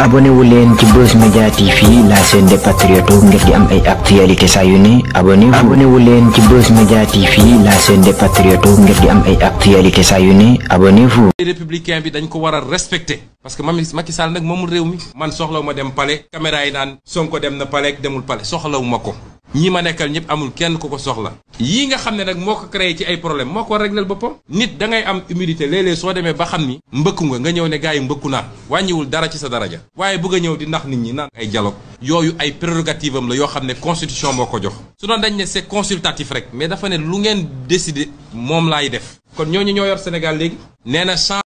abonné wu leen ci Buzz Media TV la chaîne des patriotes ngir di am ay actualité saa yu ne abonné wu abonné wu leen ci Buzz Media TV la chaîne des patriotes ngir di am ay actualité saa yu ne abonnez républicain bi dañ ko war a respecté parce que mami Macky Sall nag moomul réew mi man soxlaw ma dem palais caméra yi naan Sonko dem na palais demul palais soxlaw ma ko. ñii ma nekkal ñëpp amul kenn ku ko soxla yii nga xam ne nag moo ko créé ci ay problème moo ko réglal boppam nit dangay am humilité léeg-léeg soo demee ba xam ni mbëkku nga nga ñëw ne gars yi mbëkku naa wàññiwul dara ci sa daraja waaye bëgg a ñëw di ndax nit ñi naan ay dialogue yooyu ay prérogative am la yoo xam ne constitution moo ko jox su doon dañ ne c'est consultatif rek mais dafa ne lu ngeen décider moom laay def kon ñooñu ñoo yor Sénégal léegi nee na change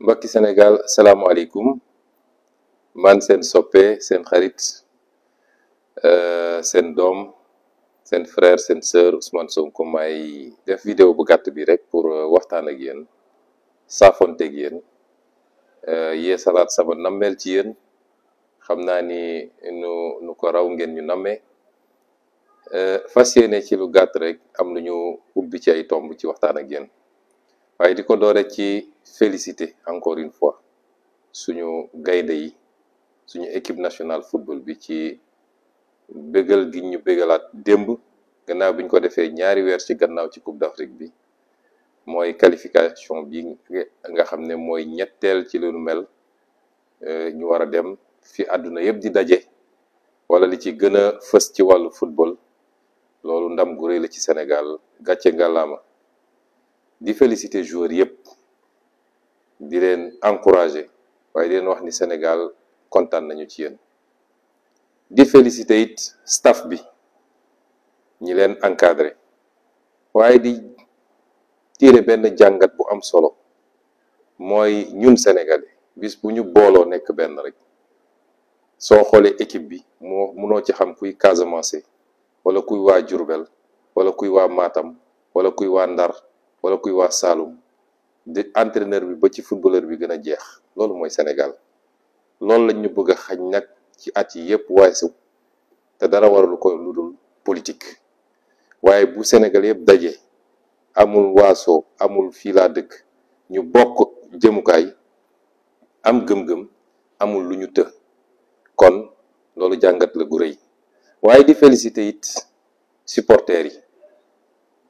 mbokki Sénégal salaamaaleykum seen soppe seen xarit Euh, seen doom seen frère seen sœur Ousmane Sonko may def vidéo bu gàtt bi rek pour euh, waxtaan ak yéen saafonteeg yéen euh, yee salaat sama nammeel ci yéen xam naa ni nu nu ko raw ngeen ñu nammee fas yéene ci lu gàtt rek am lu ñu ubbi ci ay tomb ci waxtaan ak yéen waaye di ko doore ci félicité encore une fois suñu gaynde yi suñu équipe nationale football bi ci bégal gi ñu bégalaat démb gannaaw bi ñu ko defee ñaari weer ci gannaaw ci Coupe d'Afrique bi mooy qualification bi nga xam ne mooy ñetteel ci lu mel euh, ñu war a dem fi àdduna yëpp di daje wala li ci gën a fës ci wàllu football loolu ndam gu rëy la ci Sénégal gàcce ngàllaama di félicité joueurs yëpp di leen encourager waaye di leen wax ni Sénégal kontaan nañu ci yéen. di féliciter it staff bi ñi leen encadré waaye di tiire benn jàngat bu am solo mooy ñun sénégalais bis bu ñu booloo nekk benn rek soo xoolee équipe bi moo munoo ci xam kuy Casamance wala kuy waa Jurbel wala kuy waa maatam wala kuy waa Ndar wala kuy waa Saalum di entraîneur bi ba ci footballeur bi gën a jeex loolu mooy Sénégal loolu lañ ñu bëgg a xañ nag ci at yi yëpp waaye su te dara waralu ko lu dul politik waaye bu Sénégal yëpp daje amul waaso amul fii dëkk ñu bokk jëmukaay am gëm-gëm amul lu ñu të kon loolu jàngat la gu rëy waaye di félicité it supporters yi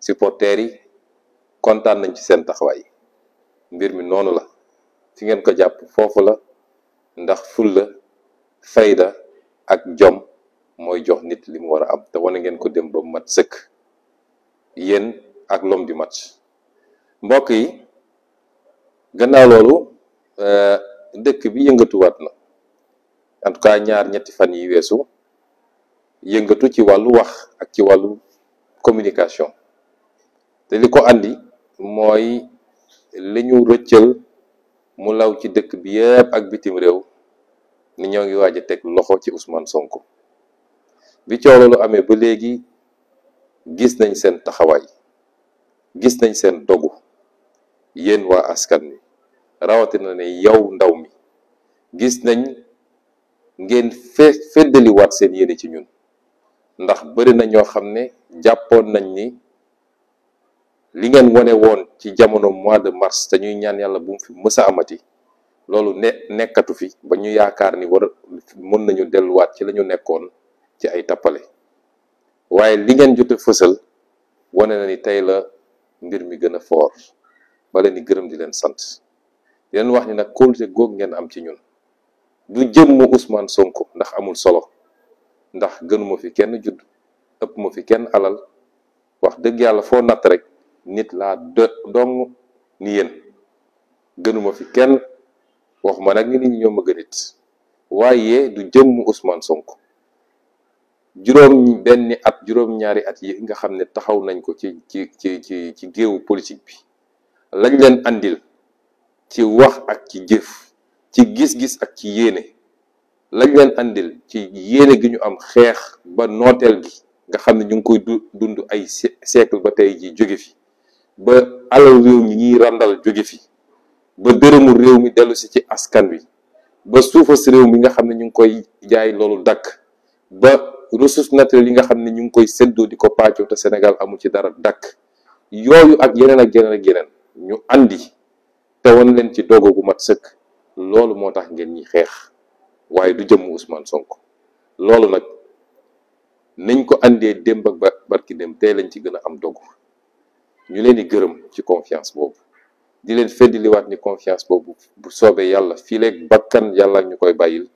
supporters yi kontaan nañ ci seen taxawaay mbir mi noonu la fi ngeen ko jàpp foofu la ndax ful la fayda ak jom mooy jox nit li mu war a am te wane ngeen ko dem ba mat sëkk yénn ak l'homme di match mbokk yi gannaaw loolu euh, dëkk bi yëngatuwaat na en ñaar ñetti fan yi weesu yëngatu ci wàllu wax ak ci wàllu communication te li ko andi mooy li ñu rëccal mu law ci dëkk bi yëpp ak bitim réew ni ñoo ngi waaj a teg loxo ci Ousmane Sonko bi coow amee ba léegi gis nañ seen taxawaay gis nañ seen dogu yéen waa askan wi rawatina ne yow ndaw mi gis nañ ngeen fe feddaliwaat seen yéene ci ñun ndax bëri na ñoo xam ne jàppoon nañ ni li ngeen wane woon ci jamono mois de mars te ñuy ñaan yàlla bu mu fi mës a amati. loolu ne nekkatu fi ba ñu yaakaar ni war mën nañu delluwaat ci lañu nekkoon ci ay tappale waaye li ngeen jot a fësal wane na ni tey la ngir mi gën a foor ba leen di gërëm di leen sant di wax ni nag kóolute goog ngeen am ci ñun du jëmm Ousmane Sonko ndax amul solo ndax gënuma fi kenn judd ëpp ma fi kenn alal wax dëgg yàlla foo natt rek nit laa dong ni yéen gënuma fi kenn waxuma nag ni nit ñoo ma gënit waaye du jëmm Ousmane Sonko juróom benni at juróom-ñaari at yi nga xam ne taxaw nañ ko ci ci ci ci ci géewu politique bi lañ leen andil ci wax ak ci jëf ci gis-gis ak ci yéene lañ leen andil ci yéene gi ñu am xeex ba nooteel gi nga xam ne ñu ngi koy dund ay siècle ba tey ji jóge fi ba alal réew ñi ñuy ràndal jóge fi ba dërëmu réew mi dellu si ci askan wi ba suufas réew mi nga xam ne ñu ngi koy jaay loolu dakk ba ressources naturelles yi nga xam ne ñu ngi koy séddoo di ko pàccoo te Sénégal amu ci dara dàkk yooyu ak yeneen ak yeneen ak yeneen ñu andi te woon leen ci dogo gu mat sëkk loolu moo tax ngeen ñi xeex waaye du jëmm Ousmane Sonko loolu nag niñ ko andee démb ak barki démb te lañ ci gën a am dogu ñu leen di gërëm ci confiance boobu di leen feddiliwaat ni confiance boobu bu soobee yàlla fii leeg bakkan yàlla ñu koy bàyyil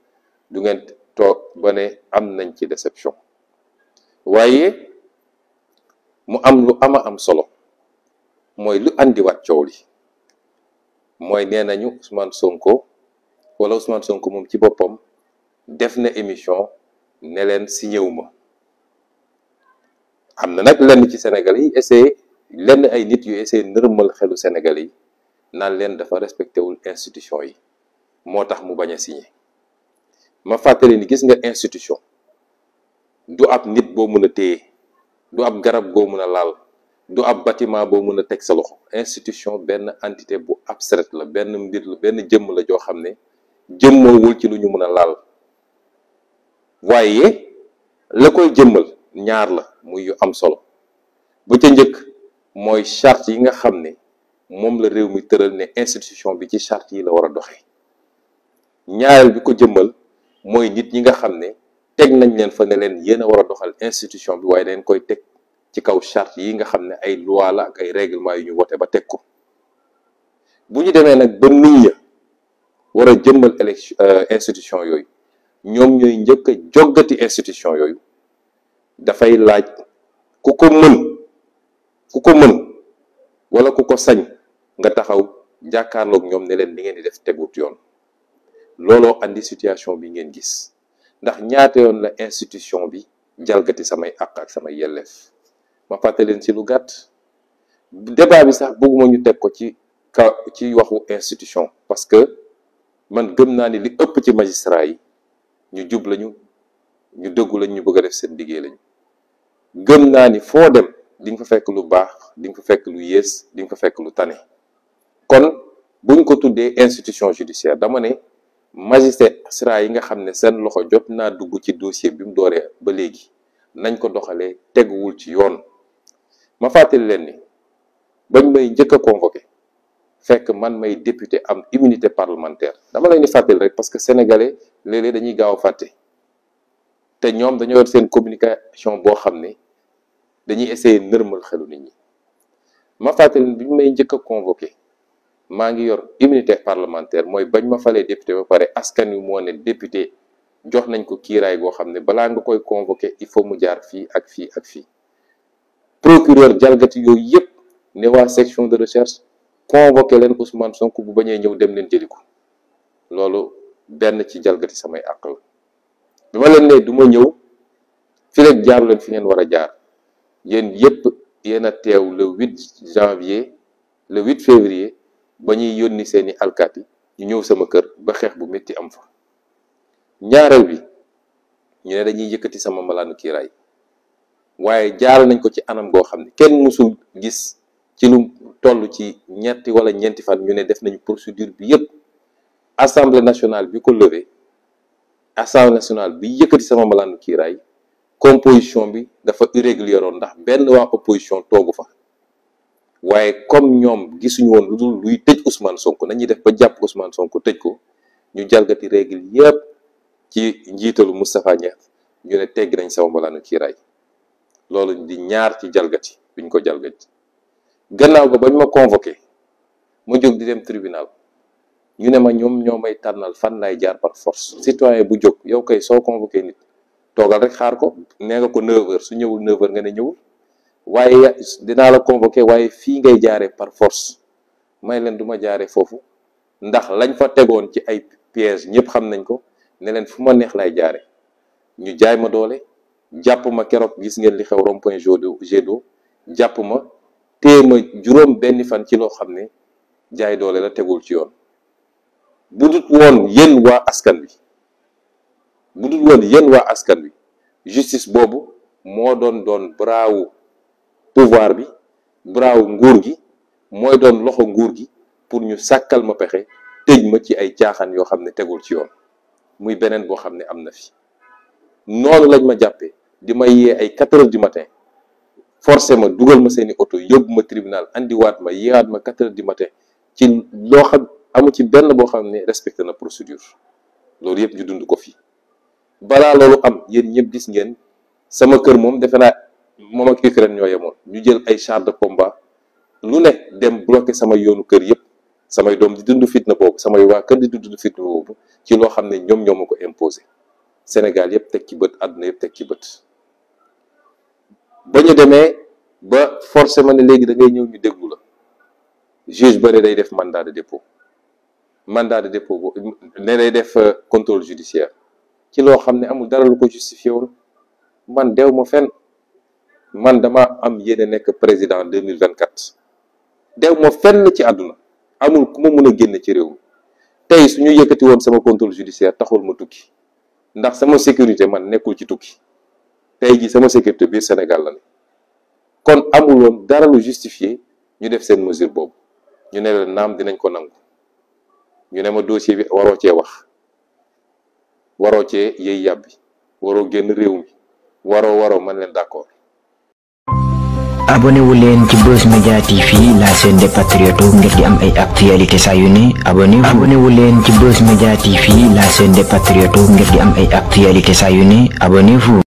du ngeen toog ba ne am nañ ci déception waaye mu am lu ama am solo mooy lu indiwaat coow li mooy nee nañu Ousmane Sonko wala Ousmane Sonko moom ci boppam def na émission ne leen si ñëw am na nag lenn ci senegal yi essayé lenn ay nit yu essayé nërmal xelu senegal yi naan leen dafa respecté wul institution yi moo tax mu bañ a signé ma fàttali ni gis nga institution du ab nit boo mën a téye du ab garab goo mën a laal du ab bâtiment boo mën a teg sa loxo institution benn entité bu abstraite la benn mbir la benn jëmm la joo xam ne jëmmoowul ci lu ñu mën a laal waaye la koy jëmmal ñaar la muy yu am solo bu ca njëkk mooy chart yi nga xam ne. moom la réew mi tëral ne institution bi ci charte yi la war a doxee ñaareel bi ko jëmmal mooy nit ñi nga xam ne teg nañ leen fa ne leen yéen a war a doxal institution bi waaye dañ koy teg ci kaw charte yi nga xam ne ay loi ak ay règlement yu ñu wote ba teg ko bu ñu demee nag ba nit ña war a jëmmal élection euh, institution yooyu ñoom ñooy njëkk a joggati institution yooyu dafay laaj ku ko mën ku ko mën wala ku ko sañ nga taxaw jàkkaarloog ñoom ne leen li ngeen di def tegut yoon looloo andi situation bi ngeen gis ndax ñaata yoon la institution bi jalgati samay àq ak samay yelleef ma fàtte leen si lu gàtt débat bi sax bëgguma ñu teg ko ci ka ci waxu institution parce que man gëm naa ni li ëpp ci magistrat yi ñu jub lañu ñu dëggu lañ ñu bëgg a def seen liggéey lañu gëm naa ni foo dem di nga fa fekk lu baax di nga fa fekk lu yées di nga fa fekk lu tane kon buñ ko tuddee institution judiciaire dama ne magistrat yi nga xam ne seen loxo jot naa dugg ci dossier bi mu dooree ba léegi nañ ko doxalee teguwul ci yoon ma fàttali leen ni bañ may njëkk a convoqué fekk man may député am immunité parlementaire dama leen di fàttali rek parce que sénégalais léeg dañuy gaaw a fàtte te ñoom dañoo yor seen communication boo xam ne dañuy essayer nërmal xelu nit ñi ma fàttali bi ñu may njëkk a convoqué maa ngi yor immunité parlementaire mooy bañ ma falee député ba pare askan wi moo ne député jox nañ ko kiiraay goo xam ne balaa nga koy convoqué il faut mu jaar fii ak fii ak fii procureur jalgati yooyu yëpp ne waa section de recherche convoqué leen Ousmane sonk bu bañee ñëw dem leen jëli loolu benn ci jalgati samay àq la ma leen ne du ma ñëw fi rek fi ngeen war a jaar yéen yëpp yéen a teew le 8 janvier le huit février ba ñuy yónni seeni alkaati ñu ñëw sama kër ba xeex bu métti am fa ñaareel bi ñu ne dañuy yëkkati sama malaanu kiiraay waaye jaaral nañ ko ci anam goo xam ne kenn mësul gis ci lu toll ci ñetti wala ñeenti fan ñu ne def nañu procédure bi yëpp assemblée nationale bi ko levé assemblée nationale bi yëkkati sama malaanu kiiraay composition bi dafa irrégulier ndax benn waa opposition toogu fa waaye comme ñoom gisuñu woon lu dul luy tëj Ousmane Sonko nañuy def ba jàpp Ousmane Sonko tëj ko ñu jalgati règle yépp ci njiitalu Moustapha Niasse ñu ne teggi nañ sama mbalaanu kiiraay loolu di ñaar ci jalgati buñ ko jalgati gannaaw ba bañ ma convoqué ma jóg di dem tribunal ñu ne ma ñoom ñoo may tànnal fan laay jaar par force citoyen bu jog yow kay soo convoqué nit toogal rek xaar ko nee nga ko 9h su ñëwul 9h nga ne ñëwul waaye dinaa la convoqué waaye fii ngay jaare par force may leen duma jaare foofu ndax lañ fa tegoon ci ay piège ñëpp xam nañ ko ne leen fu ma neex lay jaare ñu jaay ma doole jàpp ma keroog gis ngeen li xew rond point Jet d'eau jàpp ma téye ma juróom benn fan ci loo xam ne jaay doole la tegul ci yoon bu dut woon yéen waa askan wi bu dut woon yéen waa askan wi justice boobu moo doon doon braawu pouvoir bi braw nguur gi mooy doon loxo nguur gi pour ñu sàkkal ma pexe tëj ma ci ay caaxaan yoo xam ne tegul ci yoon muy beneen boo xam ne am na fi noonu lañ ma jàppe di ma yee ay quatre heures du matin forcé ma dugal ma seeni oto yóbbu ma tribunal andiwaat ma yeewaat ma quatre heures matin ci loo xam amu ci benn boo xam ne respecté na procédure loolu yëpp ñu dund ko fi balaa loolu am yéen ñëpp gis ngeen sama kër moom defe naa moom ak Ukraine ñoo yemoon ñu jël ay chars de combat lu ne dem bloqué sama yoonu kër yëpp samay doom di dund fitna boobu samay waa kër di dund fitna boobu ci loo xam ne ñoom ñoo ko imposé Sénégal yëpp teg ci bët àdduna yëpp teg ci bët ba ñu demee ba forcé ma ne léegi da ngay ñëw ñu déglu la juge ba ne day def mandat de dépôt mandat de dépôt boobu ne day def euh, contrôle judiciaire ci loo xam ne amul dara lu ko justifié man deew ma fenn man dama am yéene nekk président deux mille vingt quatre dew ma fenn ci àdduna amul ku ma mën a génn ci réew mi tey su ñu yëkkati woon sama contrôle judiciaire taxul ma tukki ndax sama sécurité man nekkul ci tukki tey ji sama sécurité biir Sénégal la ne kon amul woon dara lu justifié ñu def seen mesure boobu ñu ne leen naam dinañ ko nangu ñu ne ma dossier bi waroo cee wax waroo cee yëy yàbbi waroo génn réew mi waroo waroo man leen d'accord abonné wu ci Buzz Media TV la chaîne des patriotes ngir di am ay actualité saa yu ne abonné abonné wu leen ci Buzz Media TV la seen des patriotes ngir di am ay actualité saa yu ne abonné vous